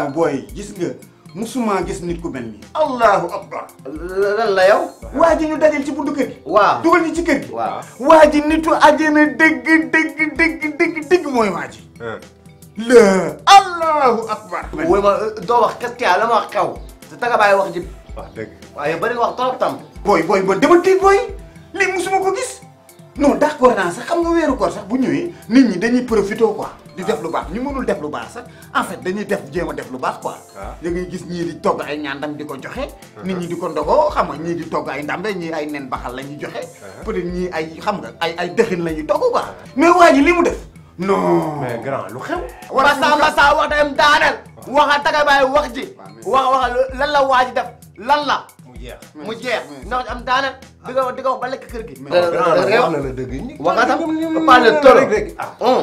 waay boy gis nga musuma gis nit ku melni allahu akbar. lan la yow. waji ñu dajel ci buntu kër gi. waaw dugal ñu ci kër gi. waaw waji nitu àjjana dëgg dëgg dëgg dëgg dëgg moy waji la allahu akbar. way ma euh, do wax qu'est-ce qu'il a ma wax xew. te taga bàyyi wax ji. wax dëgg. waye bari wax torop tam. boy boy booy dama ti boy li musuma ko gis non d'accord na sax xam nga wéru ko sax bu ñëwé nit ñi dañuy profito quoi di def lu baax ñu mënul def lu baax sax en fait dañuy def jéem def lu baax quoi ah. da ngay gis ñi di togg ay ñandam di joxe ah. nit ñi di ndogo xam nga ñi di togg ay ndambe ñi ay nen baxal lañu joxe ah. peut être ñi ay xam nga ay ay dexin lañu togg quoi mais waji limu def non mais grand lu xew wara sa ma sa wax dem daaneel waxa taga bay wax ji wax wax lan la waji def lan la mu jeex ndax am daaneel di ba kër gi pas le rek ah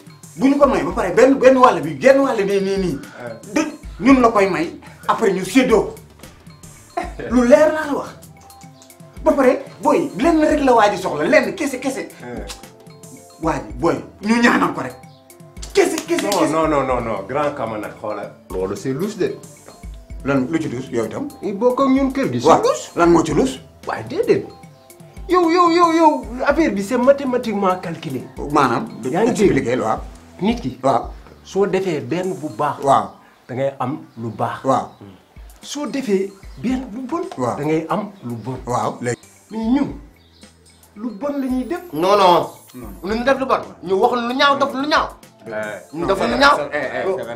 bu ñu ko may ba pare benn benn wàll bi genn wàll bi nii nii. ñun la koy may après ñu séddoo lu leer la wax ba pare booy lenn rek la waa ji soxla lenn kese kese. waa ji ñu ñaanal a rek. kese kese kese non non non grand kama nag xoolal. loolu c'est louche de. lan lu ci luus yow itam. il ñun kër gi. si luus lan moo ci luus. waaye déedéet. yow yow yow yow affaire bi se c'est mathématiquement calculé. maanaam. yaa ngi dégg expliqué waaw. nit ki. waaw soo defee benn bu baax. waaw da ngay am lu baax. waaw soo defee benn bu bon. waaw da ngay am lu bon. waaw léegi. mais lu bon la ñuy def. non non. lu ñu def lu bon ñu wax lu ñaaw def lu ñaaw. ñu def lu ñaaw.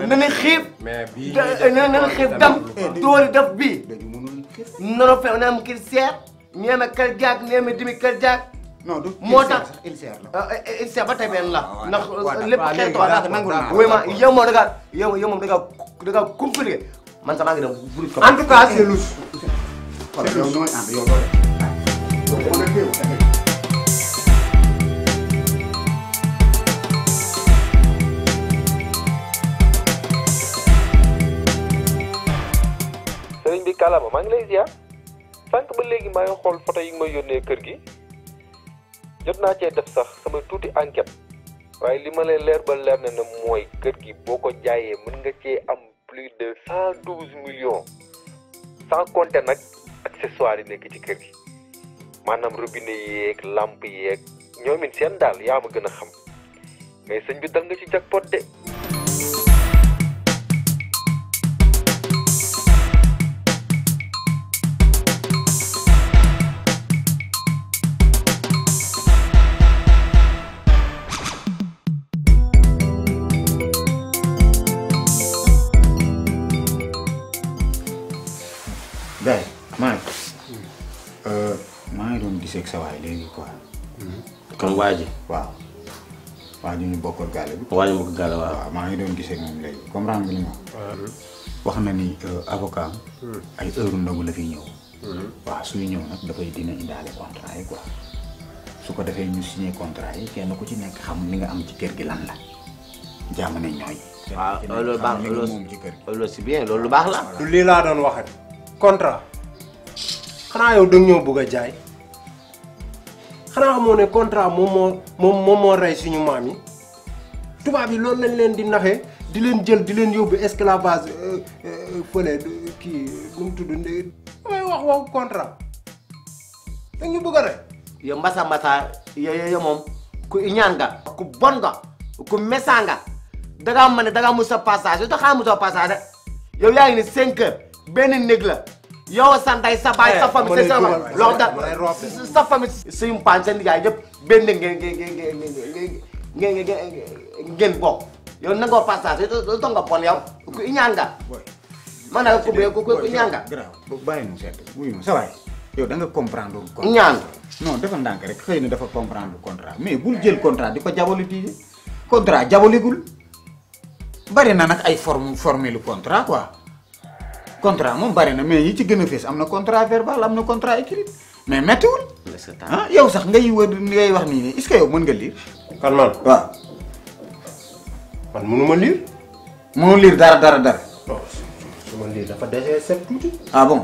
na ne xiib. mais bii na na xiib dam. doole def bii. dañu mënul kër. noro fe na am kër seer. ñeema kër jaag ñeema dimi kër jaag. non du moo tax INSER la INSER ba tey benn la ndax lépp xeetu alaata nangu naa oui ma yow moom da ngaa yow yow moom da ngaa da ngaa compliqué man sama ngi dem groupe comme en tout cas c'est louche c'est louche yow yow yow sëriñ bi kàllaama maa ngi lay ziar sànq ba léegi maa ngi xool photo yi nga ma yónnee kër gi jot naa cee def sax sama tuuti enquête waaye li ma lay leer ba leer na ne mooy kër gi boo ko jaayee mën nga cee am plus de cent douze millions sans compter nag accessoires yi nekk ci kër gi maanaam robinet yeeg lampe yeeg ñoomin seen daal yaa ma gën a xam mais sëñ bi dal nga ci jackpot de. maanaam waa ji. waaw waa ji ñu bokkoon gaale bi. waa ji bokk gaale waaw. waaw maa ngi doon gisee moom léegi comprendre nga mm-hmm. wax na ni euh, avocat mm-hmm. ay heure ndogu la fi ñëw. Mm-hmm. waaw suy ñëw nag dafay dina indaale contrat yi quoi su ko defee ñu signé contrat yi kenn ku ci nekk xam ni nga am ci kër gi lan la jàmm ne ñooy. waaw loolu baax si bien lu baax la. du lii laa doon waxat contrat xanaa yow da ñoo bëgg a jaay. xanaa xamoo ne contrat moom moo moom moom moo rey suñu maam yi tubaab yi loolu lañ leen di naxee di leen jël di leen yóbbu esclavage euh, euh, fële kii nu mu tudd damay wax waxu contrat da ñu bëgg a rek yo mbasa mbasa yo yo moom ku iñaan nga ku bon nga ku mesa nga dangaa mën ne dangaa mu sa passage yo tax xaa mu sa passage yow yaa ngi ne cinq heures benn néeg la yow santaay sa baay sa famille sa loolu da sa famille suñu paan seen yaay yëpp benn ngeen ngeen ngeen ngeen ngeen ngeen bokk yow nangoo passage lu tax nga bon yow ku iñaan nga man naa ko ku ku iñaan nga bàyyi mu seet wuyu ma sa waay yow da nga comprendre ko ñaan non dafa ndànk rek xëy na dafa comprendre contrat mais bul jël contrat di ko jaboliti contrat jaboligul bari na nag ay forme formule contrat quoi contra moom bari na mais yi ci gën a am na contrat verbal am na contrat écrit mais méttiwul. ah yow sax ngay wër ngay wax nii nii est-ce mën nga lire. kan man waaw. man mënu ma lire. mënu dara dara dara. non su ma lire dafa dese set ah bon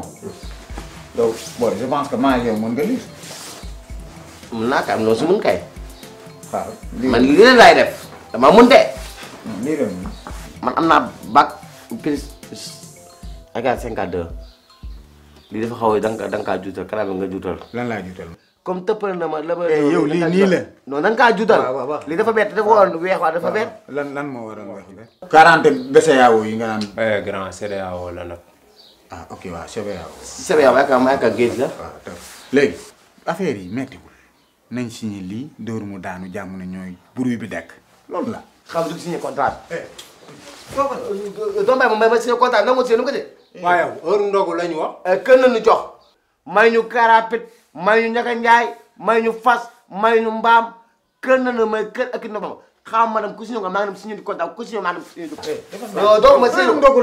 donc bon maa yow mën nga lire. mën naa ko am loo kay. man lire laay def damaa mën de. Hmm, lire man ACAR 52 lii dafa xaw a da nga da nga kaa juutal kanam nga juutal. lan laa juutal. comme tëppale na ma la ma. da nga kaa juutal. lii dafa bett dafa waroon weex waa dafa bett. lan lan moo waroon weex yi nga naan. Eh, grand CEDEAO la nag. ah ok waaw CEDEAO. CEDEAO yaakaar la. waaw léegi affaire yi si nañ lii dóor mu daanu jàmm na ñooy bruit bi dekk loolu la. xam du signé contrat. foofu eh. doom bay ma may ma signé contrat nangu signé nu ko Eh. waaye heure ndogu lañu wax. Eh, kën nañu jox may ñu karapit may ñu ñaka njaay may ñu fas may ñu mbaam kën nañu may kër ak ndogam xam ma ne ku si ñëw maa ngi dem si ñu di kontaan ku si ñëw maa ngi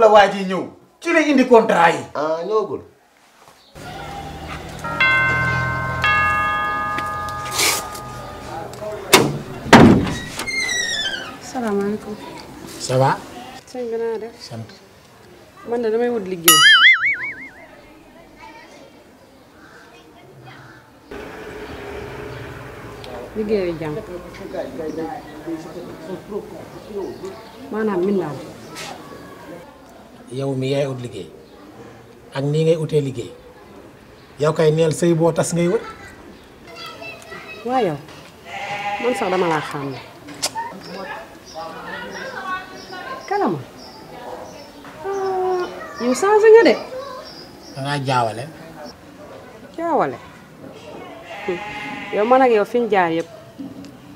la waa ji ñëw. ci la indi contrat yi. ah ñëwagul. sant. man de damay wut liggéey. liggéeyu jàng maanaam min daal. mi yaay ut liggéey ak nii ngay wutee liggéey yow kay neel sëy boo tas ngay wër. waaw yow man sax dama laa xam ne kalama yow changé nga de da ngaa jaawale jaawale hmm. yow man ak yow fi ñu jaar yëpp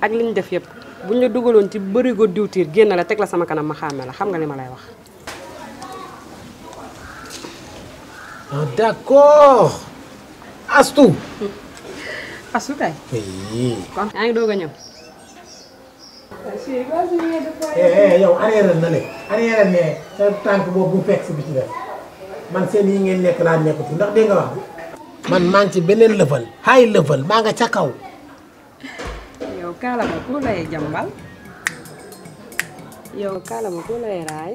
ak li ñu def yëpp buñ la dugaloon ci bërigo diwtiir génn la teg la sama kanam ma xàmme la xam nga li wax ah, d'accord astu hmm. astu kay oui. kon yaa ngi doog Eh, eh yow anéeral na le anéeral ne sa tànk boobu bu fekk si bi ci def man seen yi ngeen nekk laa nekkatu ndax dégg nga wax bi man maa ngi ci beneen level high level maa nga ca kaw yow kaalama ku lay jambal yow kaalama ku lay raay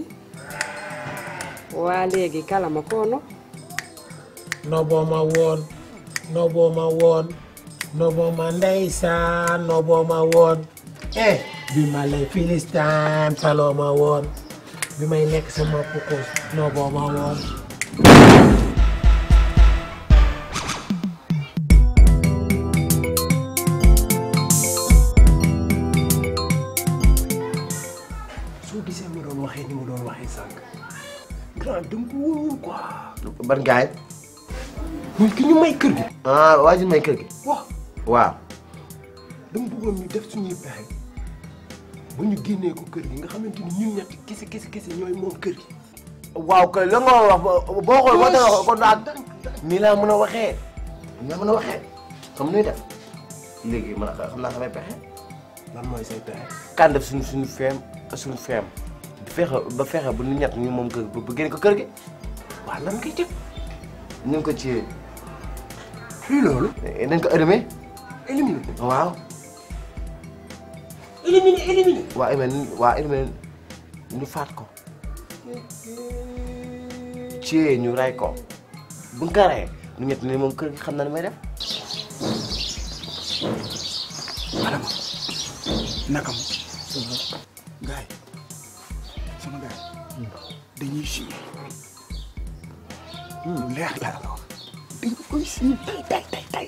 waa léegi kaalama koo no bo ma no bo ma woon noboo ma no bo ma woon eh bi ma lay filistaan saloo ma woon bi may lekk sama pukus nooboo ma woon soo gisee ma doon waxee ni ma doon waxee sànq grand danga ko wóor quoi ban gaay ñun ki ñu may kër gi ah waa ji may kër gi waaw waaw dama bëggoon ñu def suñuy pexe ba ñu ko kër gi nga xamante ni ñun ñett kese kese kese ñooy moom kër gi. waaw kay la nga wax boo xool boo tax kon daal nii laa mën a waxee nii laa mën a waxee xam nuy def léegi man xam naa samay pexe lan mooy say pexe. kan def suñu suñu feem suñu feem di ba ñu ñu kër ko kër gi lan ñu ko ci éliminer éliminer. waa éliminer waa éliminer ñu faat ko. ci ñu rey ko. bu ñu ko reyee ñu ñett ne moom kër gi xam na ne may def. Adama naka mu. gaay sama gaay dañuy suivre. leer laa la wax. dañu koy suivre tey tey tey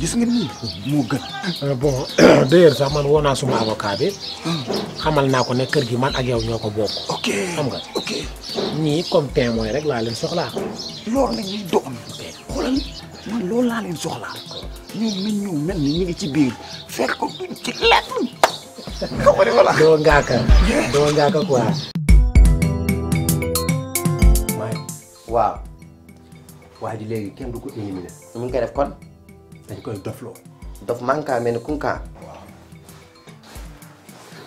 gis nga nii moo gën. Euh, bon d'ailleurs sax man woo naa suma avocat hmm. xamal naa ko ne kër gi man ak yow ñoo ko bokk. ok xam nga ok. ñii comme témoin rek laa leen soxlaa. loolu la ñuy doon. xoolal man loolu laa ñu ngi ci biir fekk ko ji léegi kenn du ko éliminé. nu mu def kon. dañ koy dofloo. dof manka mel ni kunka. waaw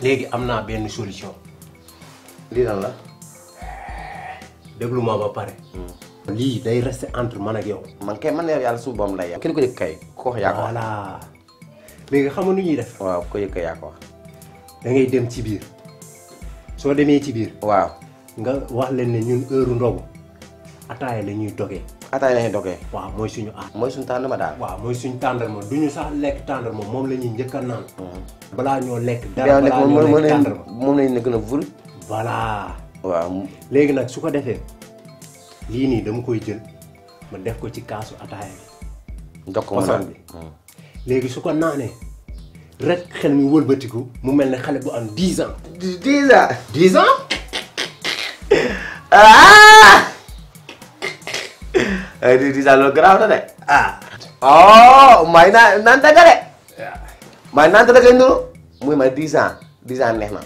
léegi am naa benn solution. lii lan la. déglu ma ba pare. Hmm. lii day resté entre man a yow. man kay man yow yàlla suuf ba lay yàq. kenn ko yëg kay ko wax yaa ko léegi xam nga nu ñuy def. waaw ko yëg kay yaa ko wax. da dem ci biir soo demee ci biir. waaw nga wax leen ne ñun heure ndogu ataaya la ñuy dogee. ataay lañuy dogee. waaw mooy suñu aar. mooy suñu tàndarma daal. waaw mooy suñu tàndarma du ñu sax lekk tàndarma moom la ñuy njëkk a naan. Mhm. balaa ñoo lekk dara balaa ñoo gën a vul. voilà. waaw léegi nag su ko defee lii nii dama koy jël ma def ko ci kaasu ataaya bi. ndox ko bi mhm. léegi su ko naanee rek xel mi wëlbatiku mu mel ni xale bu am dix ans. dix ans. Ah! Eh, di di daal loolu garaaw na de ah. Oh, may naa naan dëgg de. may naan dëgg la ñu muy may dix ans dix ans neex na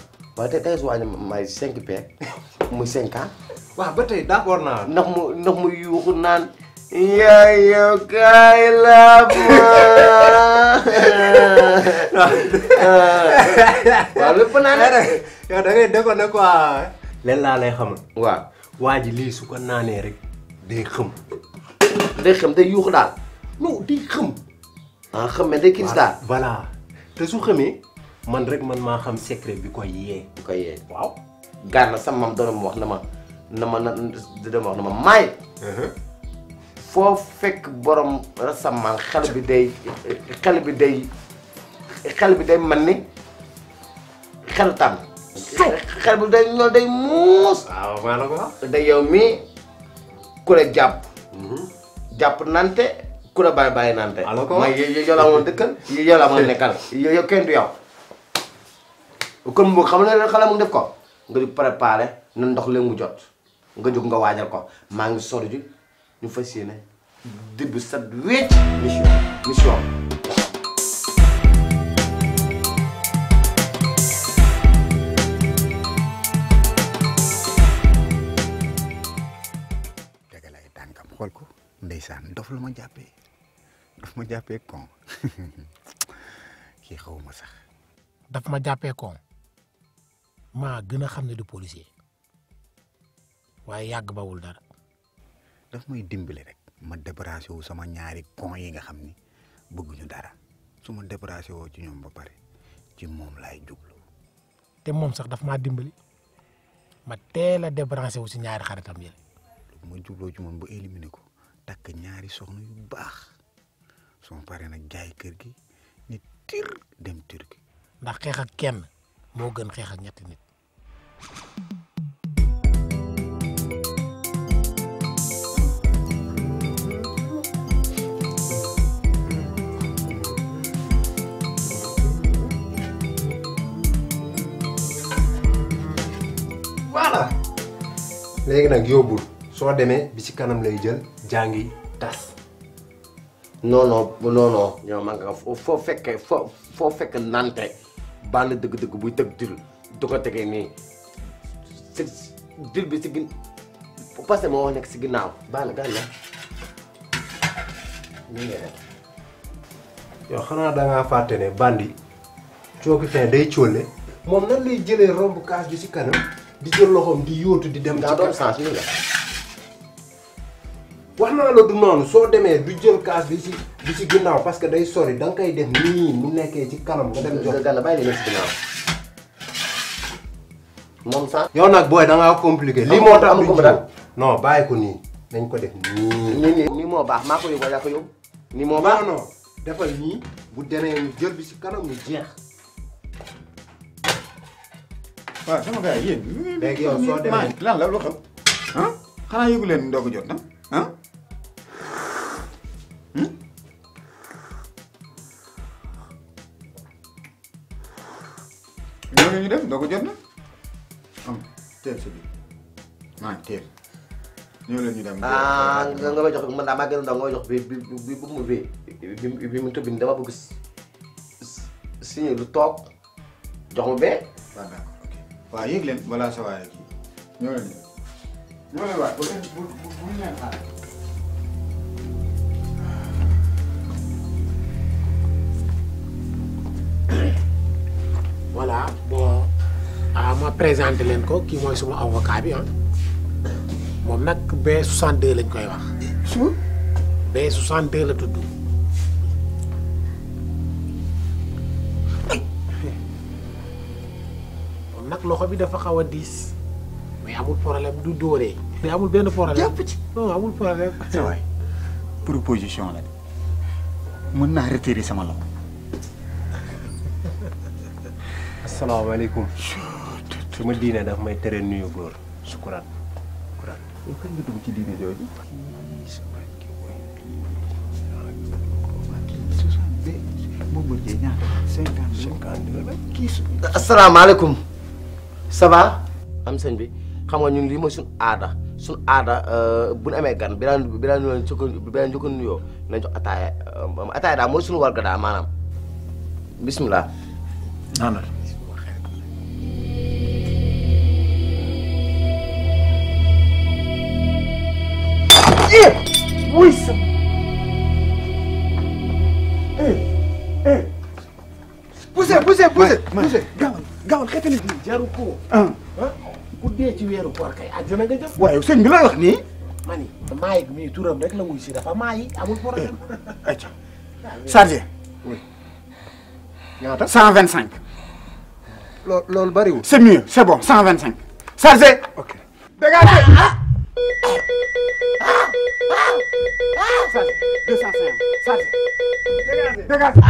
may cinq pe muy cinq ans. waaw ba mu ndax naan. yaa yow la waaw lépp naa ne rek yow da ngay ne quoi. leen laa lay xamal. waaw waa ji lii su ko naanee rek day xëm. day xam day yuuxu daal non day xam ah xam mais day kiris daal voilà te su xamee man rek man maa xam secret bi koy yee bi koy yee doon wax ma ma na doon wax na ma maay uh-huh. foo fekk borom rasamaan xel bi day bi day xel bi day man ni xel tànn bi day muus waaw maa ku la jàpp mm-hmm. jàpp nante ku la bàyyi bàyyi nante. alors kan? que mooy yow laa mën dëkkal yow laa mën kan? nekkal yow kenn du yow. kon mu xam ne leen xale mu def ko nga di préparé na ndox leen mu jot nga jóg nga waajal ko ma ngi sori ji ñu fas yéene début set wécc mission mission. xool ko ndeysaan dof la ma jàppee daf ma jàppee kon kii xaw sax. daf ma jàppee kon maa gën a xam ne du policier waaye yàgg bawul dara. daf may dimbali rek. ma débarrassé wu sama ñaari kon yi nga xam ni bëgguñu dara su ma débarrassé woo ci ñoom ba pare ci moom laay jublu. te moom sax daf maa dimbali ma teel a débarrassé wu si ñaari xaritam yi. ma jubloo ci moom ba éliminer ko tak ñaari soxna yu bax suma paré nag jaay kër gi ni tir dem turki ndax xex ak kenn mo gën xex ak ñetti nit voilà Légui nak yobul so démé bi ci kanam lay jël jangi tas non non non non ñoo ya, ma nga fo fekke fo foo fekk nante bànn deug deug buy tëg dil du ko tege ni dil bi ci gin fo passé mo wax nek ci ginaaw bal gal la nii nga def yow xanaa dangaa fàtte ne bandi ciogu fin day ciolé mom nan lay jëlé rombu kaas bi ci kanam di jël loxom di yootu di dem. ci doon sens la. naa la du noonu soo demee du jël kaas bi ci bi ci ginnaaw parce que day sori da nga koy def nii mu nekkee ci kanam nga dem jox gàll bàyyi la ci ginnaaw moom sax. yow nag booy da ngaa compliqué. lii moo tax du non bàyyi ko nii dañ ko def nii. nii moo baax maa ko yóbbu yaa ko yóbbu. nii moo baax non defal nii bu demee jël bi ci kanam ñu jeex. waaw sama gars yéen. léegi yow soo demee la lu xam ah xanaa yëgu leen ndogu jot ñooñu ñu def doo ko jot na am teel sa biir maa ngi teel ñoo leen ñu dem. Ah, nga nga may man daa maa gën a ndaw nga may jox bi bi bu mu bi bi mu tëbbi dama bëgg signé lu toog jox mu bee. Ah, waaw yëg leen balaa sa waayee kii leen ñoo leen waay bu bu bu leen xaar. présenté leen ko kii mooy suma avocat bi ah moom nag B62 lañ koy wax. suma B62 la tudd. moom nag loxo bi dafa xaw a diis mais amul problème du dóoree. mais amul benn problème jàpp amul problème. sa la mën naa retirer sama loxo. asalaamaaleykum. su ma diine daf may tere nuyu góor sukuraat sukuraat. yow kañ nga am sëñ bi xam nga ñun lii mooy suñu aada suñu aada euh, bu ñu amee gan bi daan bi daan daan jokko nuyoo nañ jox ataaya euh, ataaya daal mooy Oui ça. eh eh poussez poussez poussez poussez garde, garde, que tu garde, garde, ah garde, garde, garde, garde, un garde, garde, nga garde, garde, garde, bi lay wax garde, garde, ni garde, garde, garde, rek la problème garde, garde, garde, cent c'est mieux c'est bon 125. vingt ok 205. Dégagez. Dégagez.